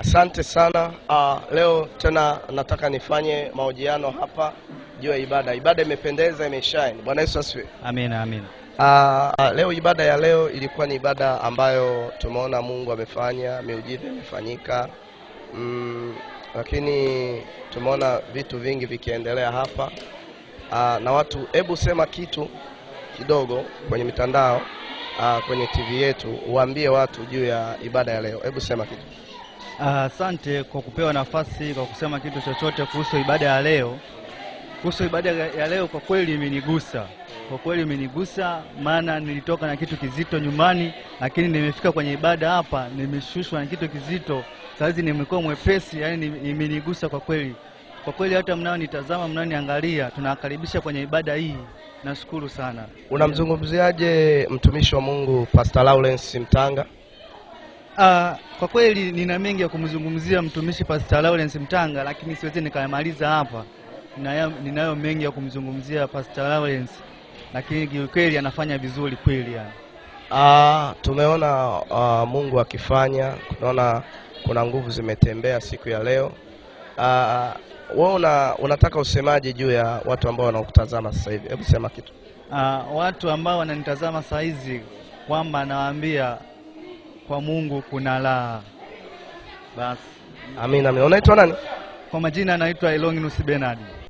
Asante sana. Uh, leo tena nataka nifanye mahojiano hapa juu ya ibada. Ibada imependeza, imeshine. Bwana Yesu asifiwe. Amina, amina. Uh, leo ibada ya leo ilikuwa ni ibada ambayo tumeona Mungu amefanya, miujiza imefanyika. Mm, lakini tumeona vitu vingi vikiendelea hapa. Uh, na watu, hebu sema kitu kidogo kwenye mitandao, uh, kwenye TV yetu, waambie watu juu ya ibada ya leo. Hebu sema kitu. Asante uh, kwa kupewa nafasi kwa kusema kitu chochote kuhusu ibada ya leo. Kuhusu ibada ya leo, kwa kweli imenigusa, kwa kweli imenigusa, maana nilitoka na kitu kizito nyumbani, lakini nimefika kwenye ibada hapa, nimeshushwa na kitu kizito, sahizi nimekuwa mwepesi, yani imenigusa kwa kweli. Kwa kweli hata mnaonitazama, mnaoniangalia, tunawakaribisha kwenye ibada hii. Nashukuru sana. Unamzungumziaje mtumishi wa Mungu Pastor Lawrence Mtanga? Uh, kwa kweli nina mengi ya kumzungumzia mtumishi Pastor Lawrence Mtanga, lakini siwezi nikayamaliza hapa. Ninayo, mengi ya kumzungumzia Pastor Lawrence, lakini kiukweli anafanya vizuri kweli yani. Uh, ah, tumeona uh, Mungu akifanya, tunaona kuna nguvu zimetembea siku ya leo. Uh, wewe una, unataka usemaje juu ya watu ambao wanakutazama sasa hivi? Hebu sema kitu. Uh, watu ambao wananitazama saizi kwamba nawaambia kwa Mungu kuna la. Basi amina, Unaitwa nani? Kwa majina anaitwa Elonginus Benard.